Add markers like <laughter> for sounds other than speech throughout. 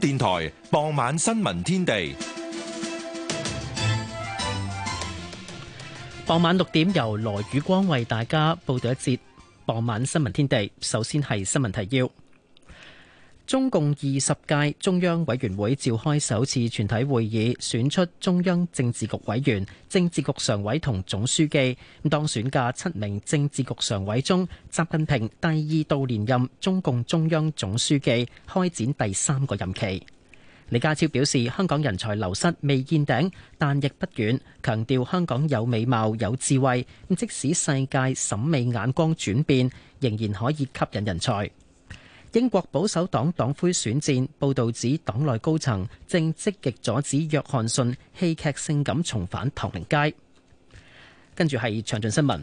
電台傍晚新聞天地，傍晚六點由羅宇光為大家報道一節傍晚新聞天地。首先係新聞提要。中共二十屆中央委員會召開首次全體會議，選出中央政治局委員、政治局常委同總書記。咁當選嘅七名政治局常委中，習近平第二度連任中共中央總書記，開展第三個任期。李家超表示，香港人才流失未見頂，但亦不遠，強調香港有美貌、有智慧，即使世界審美眼光轉變，仍然可以吸引人才。英國保守黨黨魁選戰報道指，黨內高層正積極阻止約翰遜戲劇性咁重返唐寧街。跟住係詳盡新聞。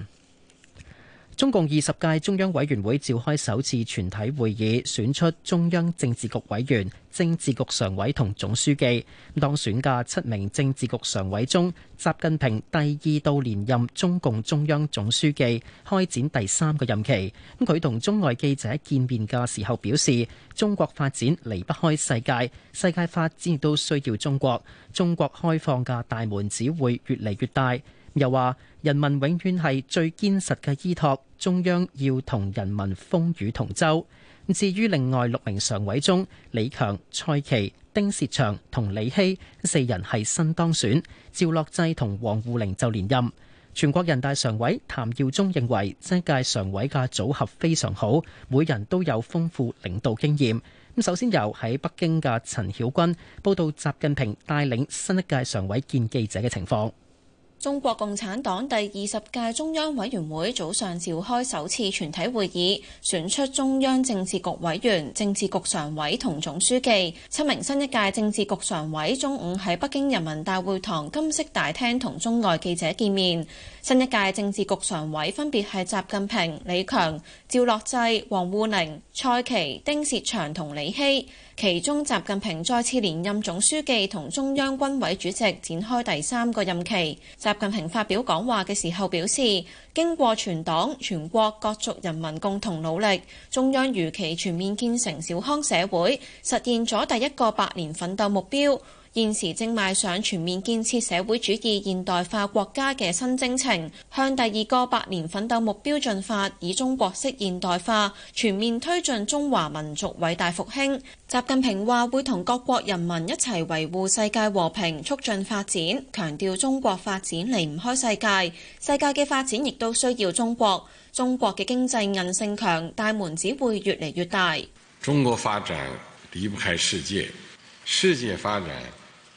中共二十屆中央委員會召開首次全體會議，選出中央政治局委員、政治局常委同總書記。當選嘅七名政治局常委中，習近平第二度連任中共中央總書記，開展第三個任期。佢同中外記者見面嘅時候表示：中國發展離不開世界，世界發展都需要中國。中國開放嘅大門只會越嚟越大。又話人民永遠係最堅實嘅依托，中央要同人民風雨同舟。至於另外六名常委中，李強、蔡奇、丁薛祥同李希四人係新當選，趙樂際同王滬寧就連任。全國人大常委譚耀宗認為，新一屆常委嘅組合非常好，每人都有豐富領導經驗。首先由喺北京嘅陳曉君報道，習近平帶領新一屆常委見記者嘅情況。中國共產黨第二十屆中央委員會早上召開首次全體會議，選出中央政治局委員、政治局常委同總書記。七名新一屆政治局常委中午喺北京人民大會堂金色大廳同中外記者見面。新一屆政治局常委分別係習近平、李強、趙樂際、王滬寧、蔡奇、丁薛祥同李希，其中習近平再次連任總書記同中央軍委主席，展開第三個任期。習近平發表講話嘅時候表示，經過全黨全國各族人民共同努力，中央如期全面建成小康社會，實現咗第一個百年奮鬥目標。現時正邁上全面建設社會主義現代化國家嘅新征程，向第二個百年奮鬥目標進發，以中國式現代化全面推進中華民族偉大復興。習近平話：會同各國人民一齊維護世界和平，促進發展。強調中國發展離唔開世界，世界嘅發展亦都需要中國。中國嘅經濟韌性強，大門只會越嚟越大。中國發展離不開世界，世界發展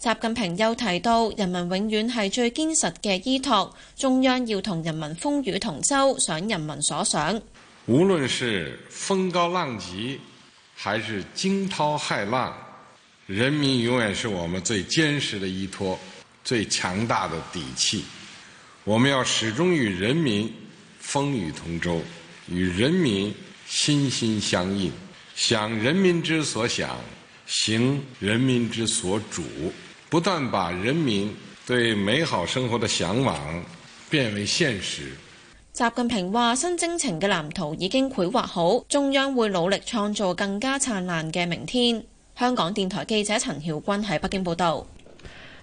習近平又提到，人民永遠係最堅實嘅依托，中央要同人民風雨同舟，想人民所想。無論是風高浪急，還是驚濤駭浪，人民永遠係我們最堅實的依托，最強大的底氣。我們要始終與人民風雨同舟，與人民心心相印，想人民之所想，行人民之所主。不斷把人民對美好生活的向往變為現實。習近平話新征程嘅藍圖已經繪畫好，中央會努力創造更加燦爛嘅明天。香港電台記者陳曉君喺北京報道。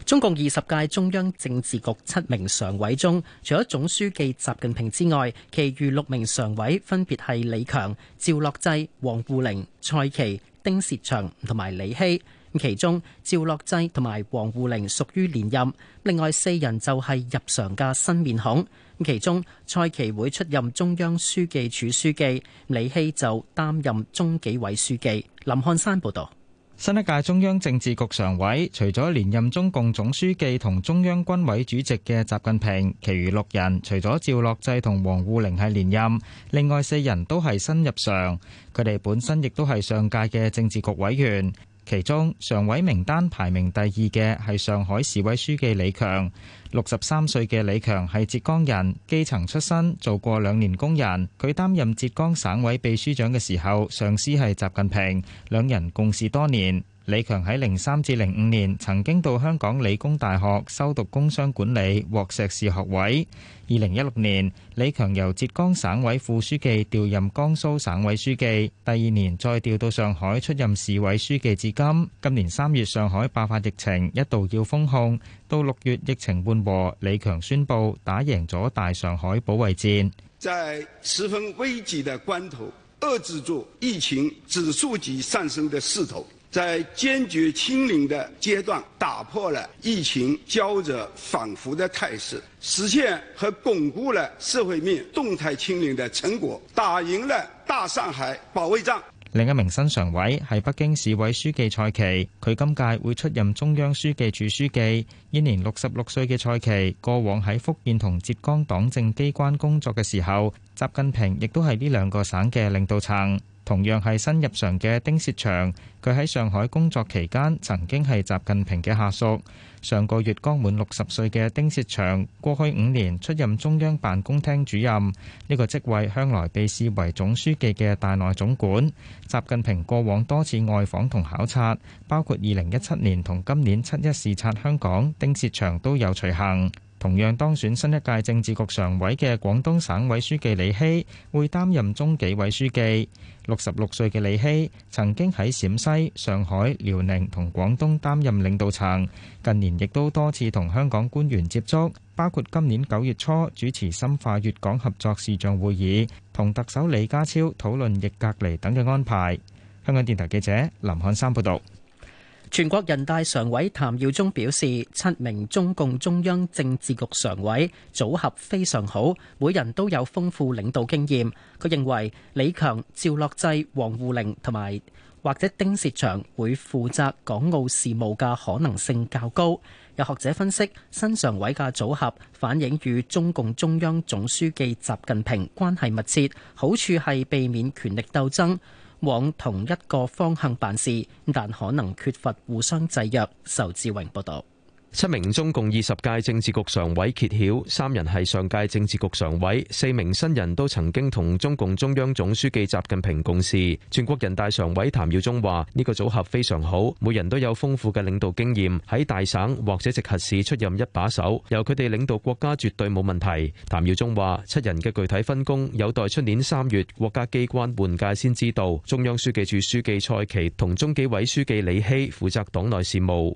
中共二十屆中央政治局七名常委中，除咗總書記習近平之外，其餘六名常委分別係李強、趙樂際、王滬寧、蔡奇、丁薛祥同埋李希。其中趙樂際同埋王滬寧屬於連任，另外四人就係入常嘅新面孔。其中蔡奇會出任中央書記處書記，李希就擔任中紀委書記。林漢山報道，新一屆中央政治局常委除咗連任中共總書記同中央軍委主席嘅習近平，其餘六人除咗趙樂際同王滬寧係連任，另外四人都係新入常。佢哋本身亦都係上屆嘅政治局委員。其中常委名單排名第二嘅係上海市委書記李強，六十三歲嘅李強係浙江人，基層出身，做過兩年工人。佢擔任浙江省委秘書長嘅時候，上司係習近平，兩人共事多年。李強喺零三至零五年曾經到香港理工大學修讀工商管理，獲碩士學位。二零一六年，李強由浙江省委副書記調任江蘇省委書記，第二年再調到上海出任市委書記至今。今年三月上海爆發疫情，一度要封控，到六月疫情緩和，李強宣布打贏咗大上海保衛戰。在十分危急的關頭，遏制住疫情指數級上升的勢頭。在堅決清零的階段，打破了疫情膠着反覆的態勢，實現和鞏固了社會面動態清零的成果，打贏了大上海保衛戰。另一名新常委係北京市委書記蔡奇，佢今屆會出任中央書記處書記。現年六十六歲嘅蔡奇，過往喺福建同浙江黨政機關工作嘅時候，習近平亦都係呢兩個省嘅領導層。同樣係新入常嘅丁薛祥，佢喺上海工作期間曾經係習近平嘅下屬。上個月剛滿六十歲嘅丁薛祥，過去五年出任中央辦公廳主任，呢個職位向來被視為總書記嘅大內總管。習近平過往多次外訪同考察，包括二零一七年同今年七一視察香港，丁薛祥都有隨行。同樣當選新一屆政治局常委嘅廣東省委書記李希會擔任中紀委書記。六十六歲嘅李希曾經喺陝西、上海、遼寧同廣東擔任領導層，近年亦都多次同香港官員接觸，包括今年九月初主持深化粵港合作視像會議，同特首李家超討論逆隔離等嘅安排。香港電台記者林漢山報導。全國人大常委譚耀宗表示，七名中共中央政治局常委組合非常好，每人都有豐富領導經驗。佢認為李強、趙樂際、王滬寧同埋或者丁薛祥會負責港澳事務嘅可能性較高。有學者分析，新常委嘅組合反映與中共中央總書記習近平關係密切，好處係避免權力鬥爭。往同一個方向辦事，但可能缺乏互相制約，仇志榮報導。七名中共二十屆政治局常委揭曉，三人係上屆政治局常委，四名新人都曾經同中共中央總書記習近平共事。全國人大常委譚耀宗話：呢個組合非常好，每人都有豐富嘅領導經驗，喺大省或者直轄市出任一把手，由佢哋領導國家絕對冇問題。譚耀宗話：七人嘅具體分工有待出年三月國家機關換屆先知道。中央書記處書記蔡奇同中紀委書記李希負責黨內事務。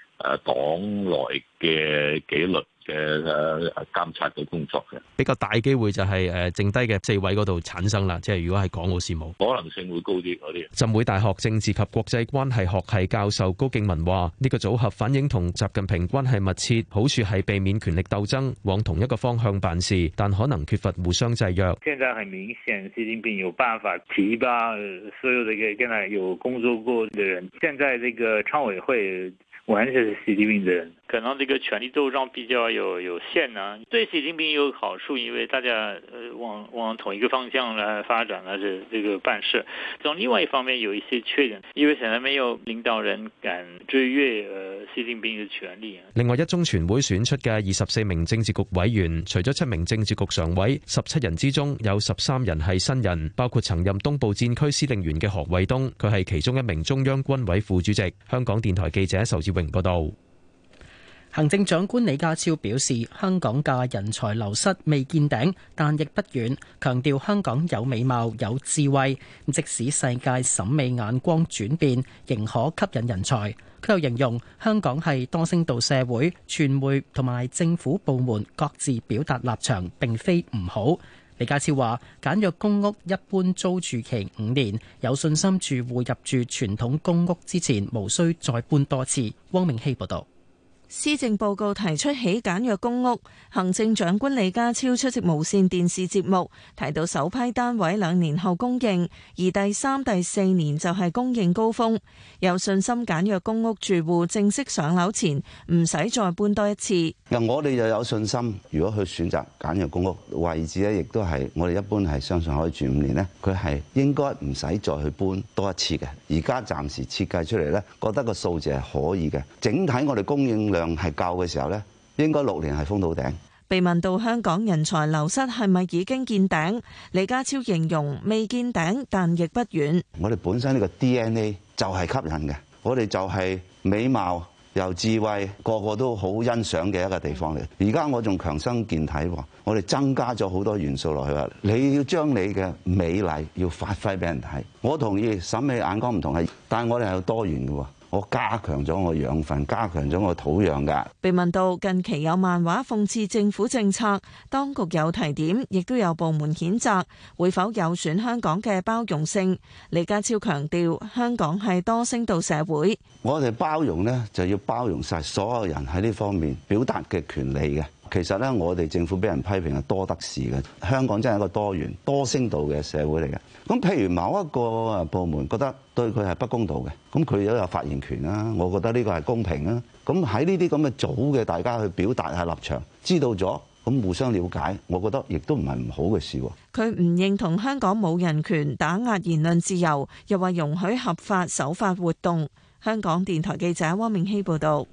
誒，黨內嘅紀律嘅，誒監察嘅工作嘅比較大機會就係誒剩低嘅四位嗰度產生啦，即係如果係港澳事務，可能性會高啲嗰啲。浸會大學政治及國際關係學系教授高敬文話：呢個組合反映同習近平關係密切，好處係避免權力鬥爭，往同一個方向辦事，但可能缺乏互相制約。現在係明顯，習近平有辦法提拔所有嘅現在有工作過嘅人。現在這個常委會。完全是習近平的人。可能這個權力鬥爭比較有有限啦，對習近平有好處，因為大家往往同一個方向嚟發展，或者這個辦事。從另外一方面有一些缺點，因為可能沒有領導人敢追越習近平嘅權力。另外，一中全會選出嘅二十四名政治局委員，除咗七名政治局常委，十七人之中有十三人係新人，包括曾任東部戰區司令員嘅何衛東，佢係其中一名中央軍委副主席。香港電台記者仇志榮報道。行政長官李家超表示，香港嘅人才流失未見頂，但亦不遠。強調香港有美貌、有智慧，即使世界審美眼光轉變，仍可吸引人才。佢又形容香港係多聲道社會，傳媒同埋政府部門各自表達立場，並非唔好。李家超話：簡約公屋一般租住期五年，有信心住戶入住傳統公屋之前，無需再搬多次。汪明希報導。施政報告提出起簡約公屋，行政長官李家超出席無綫電視節目，提到首批單位兩年後供應，而第三、第四年就係供應高峰，有信心簡約公屋住戶正式上樓前唔使再搬多一次。嗱，我哋又有信心，如果去選擇簡約公屋位置咧，亦都係我哋一般係相信可以住五年咧，佢係應該唔使再去搬多一次嘅。而家暫時設計出嚟咧，覺得個數字係可以嘅，整體我哋供應量。量係夠嘅時候呢，應該六年係封到頂。被問到香港人才流失係咪已經見頂，李家超形容未見頂，但亦不遠。我哋本身呢個 DNA 就係吸引嘅，我哋就係美貌又智慧，個個都好欣賞嘅一個地方嚟。而家我仲強身健體喎，我哋增加咗好多元素落去。你要將你嘅美麗要發揮俾人睇。我同意審美眼光唔同係，但係我哋係有多元嘅喎。我加強咗我養分，加強咗我土壤㗎。被問到近期有漫畫諷刺政府政策，當局有提點，亦都有部門譴責，會否有損香港嘅包容性？李家超強調，香港係多聲道社會，我哋包容呢，就要包容晒所有人喺呢方面表達嘅權利嘅。其實咧，我哋政府俾人批評係多得事嘅。香港真係一個多元、多聲道嘅社會嚟嘅。咁譬如某一個部門覺得對佢係不公道嘅，咁佢都有發言權啦。我覺得呢個係公平啦。咁喺呢啲咁嘅組嘅，大家去表達下立場，知道咗咁互相了解，我覺得亦都唔係唔好嘅事。佢唔認同香港冇人權、打壓言論自由，又話容許合法守法活動。香港電台記者汪明希報導。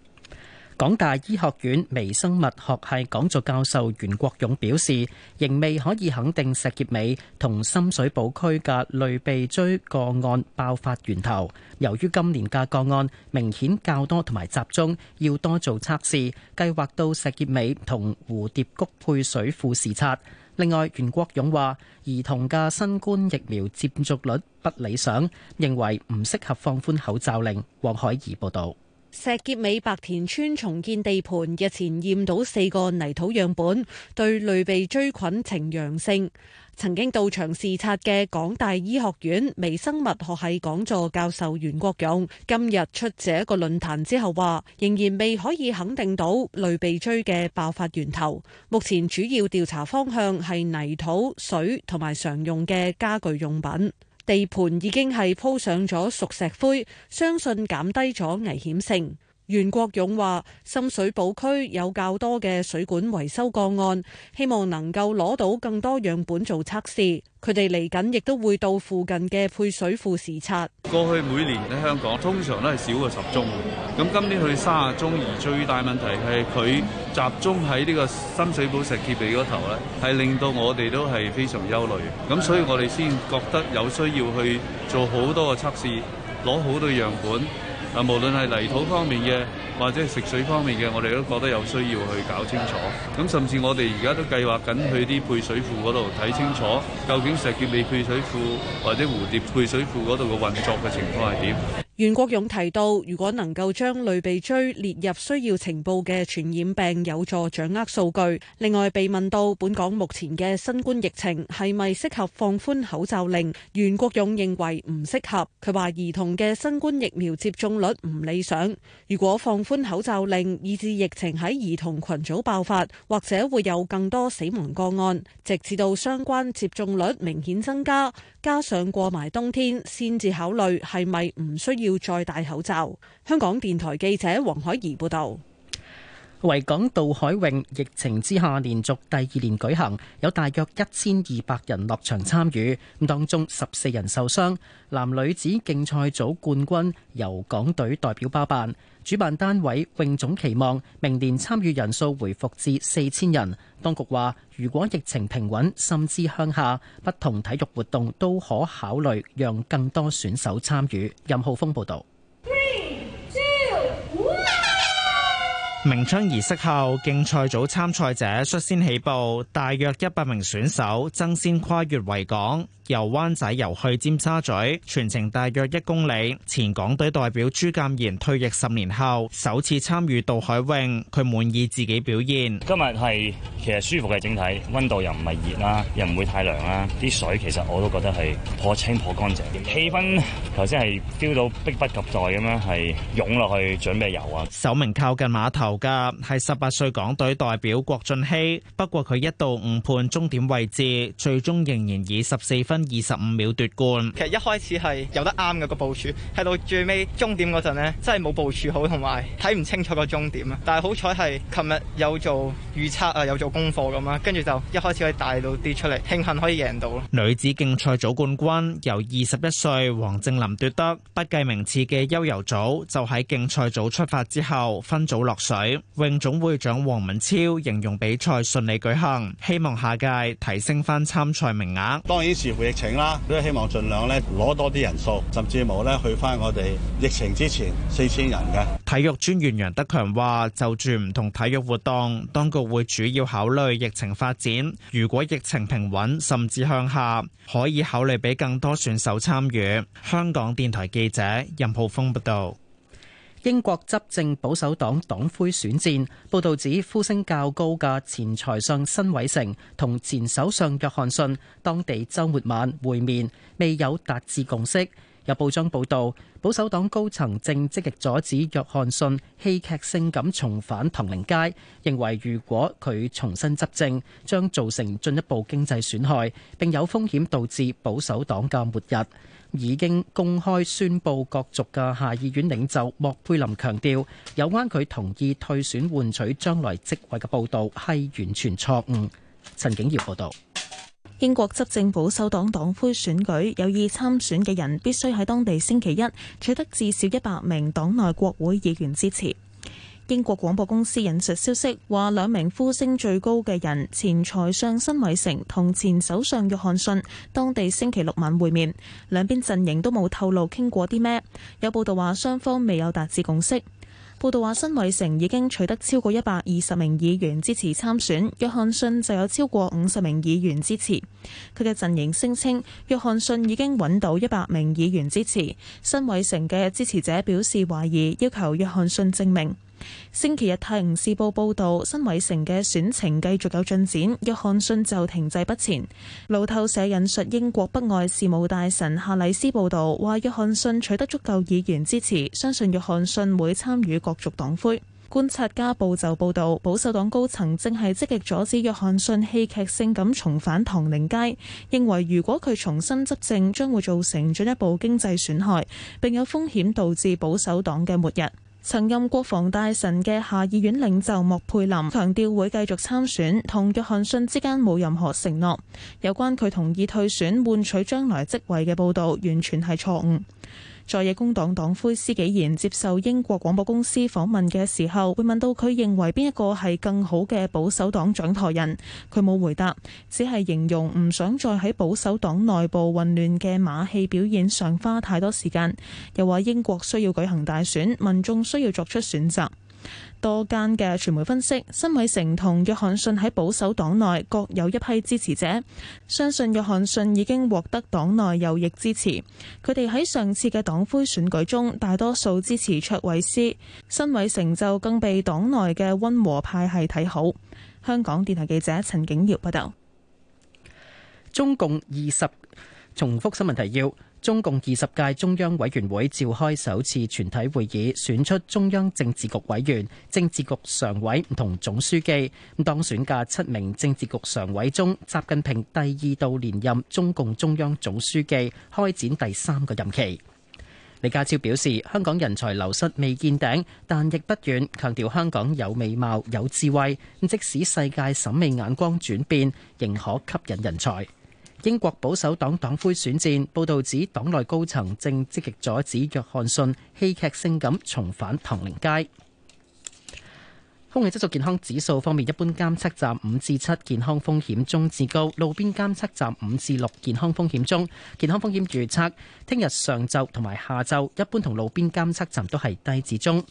港大醫學院微生物學系講座教授袁國勇表示，仍未可以肯定石硤尾同深水埗區嘅類鼻疽個案爆發源頭。由於今年嘅個案明顯較多同埋集中，要多做測試，計劃到石硤尾同蝴蝶谷配水庫視察。另外，袁國勇話，兒童嘅新冠疫苗接種率不理想，認為唔適合放寬口罩令。黃海怡報道。石硤尾白田村重建地盤日前驗到四個泥土樣本對類鼻疽菌呈陽性。曾經到場視察嘅港大醫學院微生物學系講座教授袁國勇今日出席一個論壇之後話，仍然未可以肯定到類鼻疽嘅爆發源頭。目前主要調查方向係泥土、水同埋常用嘅家具用品。地盤已經係鋪上咗熟石灰，相信減低咗危險性。袁國勇話：深水埗區有較多嘅水管維修個案，希望能夠攞到更多樣本做測試。佢哋嚟緊亦都會到附近嘅配水庫視察。過去每年喺香港通常都係少過十宗，咁今年去三十宗，而最大問題係佢集中喺呢個深水埗石硖尾嗰頭咧，係令到我哋都係非常憂慮。咁所以我哋先覺得有需要去做好多個測試，攞好多樣本。無論係泥土方面嘅，或者係食水方面嘅，我哋都覺得有需要去搞清楚。咁甚至我哋而家都計劃緊去啲配水庫嗰度睇清楚，究竟石碣尾配水庫或者蝴蝶配水庫嗰度嘅運作嘅情況係點？袁國勇提到，如果能夠將類鼻疽列入需要呈報嘅傳染病，有助掌握數據。另外被問到本港目前嘅新冠疫情係咪適合放寬口罩令，袁國勇認為唔適合。佢話兒童嘅新冠疫苗接種率唔理想，如果放寬口罩令，以致疫情喺兒童群組爆發，或者會有更多死亡個案。直至到相關接種率明顯增加，加上過埋冬天，先至考慮係咪唔需要。要再戴口罩。香港電台記者黃海怡報道。維港渡海泳疫情之下連續第二年舉行，有大約一千二百人落場參與，當中十四人受傷。男女子競賽組冠軍由港隊代表包辦。主辦單位泳總期望明年參與人數回復至四千人。當局話，如果疫情平穩，甚至向下，不同體育活動都可考慮讓更多選手參與。任浩峰報道。鳴槍儀式後，競賽組參賽者率先起步，大約一百名選手爭先跨越維港。由灣仔游去尖沙咀，全程大約一公里。前港隊代表朱鑑賢退役十年後，首次參與渡海泳，佢滿意自己表現。今日係其實舒服嘅整體，溫度又唔係熱啦，又唔會太涼啦。啲水其實我都覺得係頗清、頗乾淨。氣氛頭先係飆到迫不及待咁樣，係湧落去準備游啊。首名靠近碼頭嘅係十八歲港隊代表郭俊熙，不過佢一度誤判終點位置，最終仍然以十四分。二十五秒奪冠。其實一開始係有得啱嘅，個部署，喺到最尾終點嗰陣呢，真係冇部署好，同埋睇唔清楚個終點啊！但係好彩係琴日有做預測啊，有做功課咁啊，跟住就一開始可以大到啲出嚟，慶幸可以贏到。女子競賽組冠軍由二十一歲黃靜林奪得。不計名次嘅悠游組就喺競賽組出發之後分組落水。泳總會長黃文超形容比賽順利舉行，希望下屆提升翻參賽名額。當然，是會。疫情啦，都希望盡量咧攞多啲人數，甚至冇咧去翻我哋疫情之前四千人嘅。體育專員楊德強話就住唔同體育活動，當局會主要考慮疫情發展。如果疫情平穩甚至向下，可以考慮俾更多選手參與，香港電台記者任浩峰報道。英國執政保守黨黨魁選戰，報導指呼聲較高嘅前財相辛偉成同前首相約翰遜當地週末晚會面，未有達至共識。有報章報導，保守黨高層正積極阻止約翰遜戲劇性咁重返唐寧街，認為如果佢重新執政，將造成進一步經濟損害，並有風險導致保守黨嘅末日。已經公開宣布角逐嘅下議院領袖莫佩林強調，有關佢同意退選換取將來職位嘅報導係完全錯誤。陳景業報導，英國執政保守黨黨魁選舉有意參選嘅人必須喺當地星期一取得至少一百名黨內國會議員支持。英國廣播公司引述消息話，兩名呼聲最高嘅人前財相辛偉成同前首相約翰遜，當地星期六晚會面，兩邊陣營都冇透露傾過啲咩。有報道話雙方未有達至共識。報道話，辛偉成已經取得超過一百二十名議員支持參選，約翰遜就有超過五十名議員支持。佢嘅陣營聲稱約翰遜已經搵到一百名議員支持，辛偉成嘅支持者表示懷疑，要求約翰遜證明。星期日《泰晤士報》報道，辛偉誠嘅選情繼續有進展，約翰遜就停滯不前。路透社引述英國北外事務大臣夏禮斯報道，話約翰遜取得足夠議員支持，相信約翰遜會參與角逐黨魁。觀察家報就報道，保守黨高層正係積極阻止約翰遜戲劇性咁重返唐寧街，認為如果佢重新執政，將會造成進一步經濟損害，並有風險導致保守黨嘅末日。曾任國防大臣嘅下議院領袖莫佩林強調會繼續參選，同約翰遜之間冇任何承諾。有關佢同意退選換取將來職位嘅報導完全係錯誤。在野工黨黨魁施紀賢接受英國廣播公司訪問嘅時候，被問到佢認為邊一個係更好嘅保守黨掌舵人，佢冇回答，只係形容唔想再喺保守黨內部混亂嘅馬戲表演上花太多時間，又話英國需要舉行大選，民眾需要作出選擇。多間嘅傳媒分析，辛偉成同約翰遜喺保守黨內各有一批支持者，相信約翰遜已經獲得黨內右翼支持。佢哋喺上次嘅黨魁選舉中，大多數支持卓偉斯，辛偉成就更被黨內嘅溫和派系睇好。香港電台記者陳景耀報道，中共二十。重複新聞提要：中共二十屆中央委員會召開首次全體會議，選出中央政治局委員、政治局常委同總書記。咁當選嘅七名政治局常委中，習近平第二度連任中共中央總書記，開展第三個任期。李家超表示，香港人才流失未見頂，但亦不遠，強調香港有美貌、有智慧，咁即使世界審美眼光轉變，仍可吸引人才。英國保守黨黨魁選戰報道指，黨內高層正積極阻止約翰遜戲劇性咁重返唐寧街。空氣質素健康指數方面，一般監測站五至七健康風險中至高，路邊監測站五至六健康風險中。健康風險預測，聽日上晝同埋下晝，一般同路邊監測站都係低至中。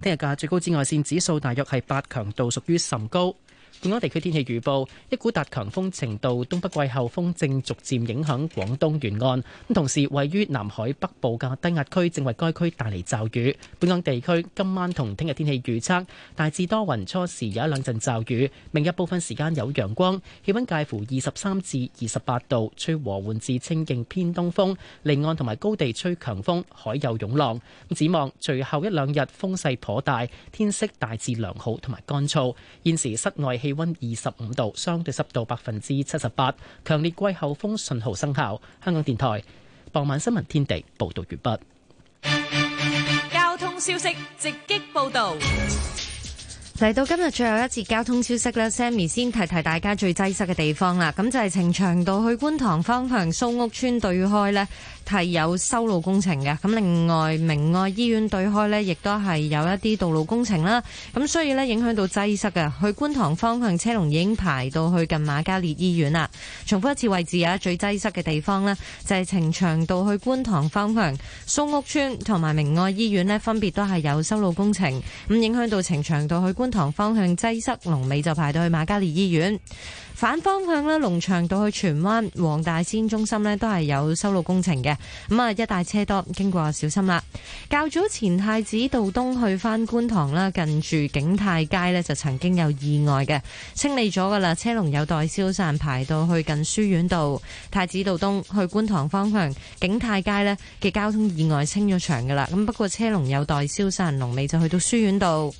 聽日嘅最高紫外線指數大約係八強度，屬於甚高。本港地區天氣預報，一股達強風程度東北季候風正逐漸影響廣東沿岸，咁同時位於南海北部嘅低壓區正為該區帶嚟驟雨。本港地區今晚同聽日天氣預測，大致多雲，初時有一兩陣驟雨，明日部分時間有陽光，氣溫介乎二十三至二十八度，吹和緩至清勁偏東風，離岸同埋高地吹強風，海有湧浪。展望隨後一兩日風勢頗大，天色大致良好同埋乾燥。現時室外氣。氣温二十五度，相對濕度百分之七十八，強烈季候風信號生效。香港電台傍晚新聞天地報道完畢。交通消息直擊報道，嚟到今日最後一次交通消息咧。Sammy <music> 先提提大家最擠塞嘅地方啦。咁就係呈祥道去觀塘方向蘇屋村對開呢。係有修路工程嘅，咁另外明愛醫院對開呢，亦都係有一啲道路工程啦，咁所以呢，影響到擠塞嘅，去觀塘方向車龍已經排到去近瑪嘉烈醫院啦。重複一次位置啊，最擠塞嘅地方呢，就係呈祥道去觀塘方向，蘇屋村同埋明愛醫院呢，分別都係有修路工程，咁影響到呈祥道去觀塘方向擠塞，龍尾就排到去瑪嘉烈醫院。反方向啦，龍翔道去荃灣、黃大仙中心呢都係有修路工程嘅。咁啊，一大車多，經過小心啦。較早前太子道東去返觀塘啦，近住景泰街呢，就曾經有意外嘅，清理咗噶啦，車龍有待消散，排到去近書院道。太子道東去觀塘方向，景泰街呢，嘅交通意外清咗場噶啦。咁不過車龍有待消散，龍尾就去到書院道。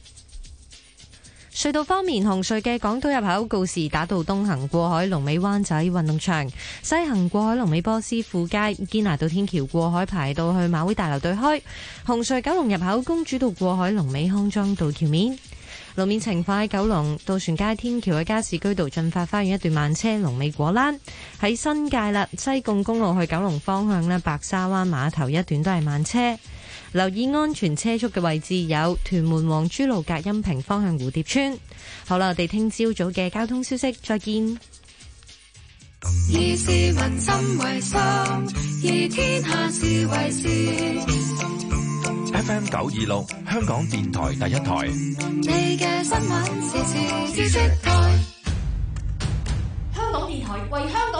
隧道方面，紅隧嘅港島入口告士打道東行過海，龍尾灣仔運動場；西行過海，龍尾波斯富街堅拿道天橋過海，排到去馬會大樓對開。紅隧九龍入口公主道過海，龍尾康莊道橋面路面情況，喺九龍渡船街天橋嘅加士居道駿發花園一段慢車，龍尾果欄喺新界啦，西貢公路去九龍方向呢，白沙灣碼頭一段都係慢車。留意安全車速嘅位置有屯門往珠路隔音屏方向蝴蝶村。好啦，我哋聽朝早嘅交通消息，再見。以市民心為心，以天下事為事。F M 九二六，香港電台第一台。你嘅新聞時事資訊台，香港電台為香港。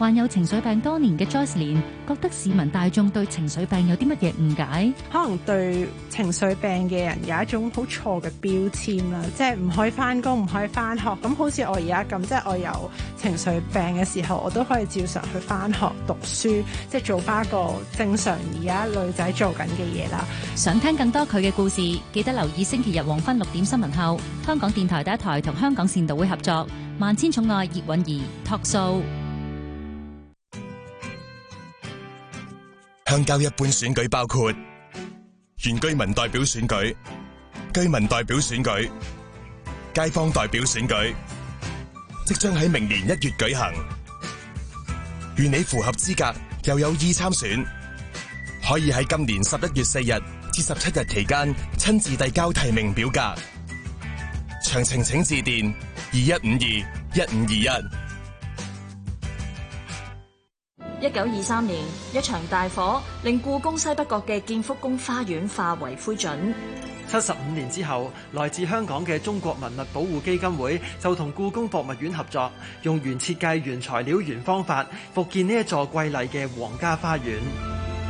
患有情緒病多年嘅 Joyce Lynn，覺得市民大眾對情緒病有啲乜嘢誤解？可能對情緒病嘅人有一種好錯嘅標籤啦，即係唔可以返工、唔可以返學。咁好似我而家咁，即係我有情緒病嘅時候，我都可以照常去返學讀書，即係做翻一個正常而家女仔做緊嘅嘢啦。想聽更多佢嘅故事，記得留意星期日黃昏六點新聞後，香港電台第一台同香港善道會合作《萬千寵愛》葉韻儀 talk show。鄉郊一般選舉包括原居民代表選舉、居民代表選舉、街坊代表選舉，即將喺明年一月舉行。如你符合資格，又有意參選，可以喺今年十一月四日至十七日期間親自遞交提名表格。詳情請致電二一五二一五二一。一九二三年，一場大火令故宮西北角嘅建福宮花園化為灰燼。七十五年之後，來自香港嘅中國文物保護基金會就同故宮博物院合作，用原設計、原材料、原方法，復建呢一座瑰麗嘅皇家花園。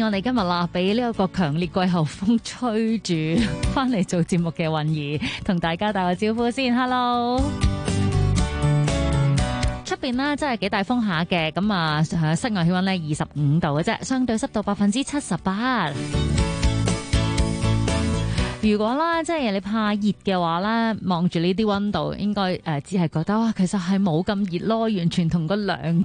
我哋今日啦，俾呢一個強烈季候風吹住翻嚟，做節目嘅雲兒，同大家打個招呼先，Hello。出邊咧真係幾大風下嘅，咁啊室外氣温呢，二十五度嘅啫，相對濕度百分之七十八。 <music> 如果啦，即係你怕熱嘅話咧，望住呢啲温度，應該誒只係覺得哇，其實係冇咁熱咯，完全同個涼。